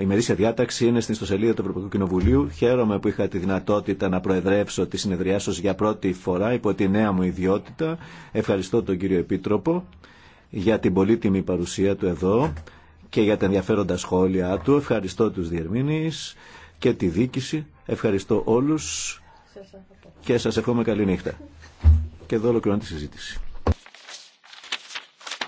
Η μερίσια διάταξη είναι στην ιστοσελίδα του Ευρωπαϊκού Κοινοβουλίου. Χαίρομαι που είχα τη δυνατότητα να προεδρεύσω τη συνεδριά σα για πρώτη φορά υπό τη νέα μου ιδιότητα. Ευχαριστώ τον κύριο Επίτροπο για την πολύτιμη παρουσία του εδώ και για τα ενδιαφέροντα σχόλια του. Ευχαριστώ τους διερμήνεις και τη δίκηση. Ευχαριστώ όλους και σας εύχομαι καλή νύχτα. Και εδώ ολοκληρώνω τη συζήτηση.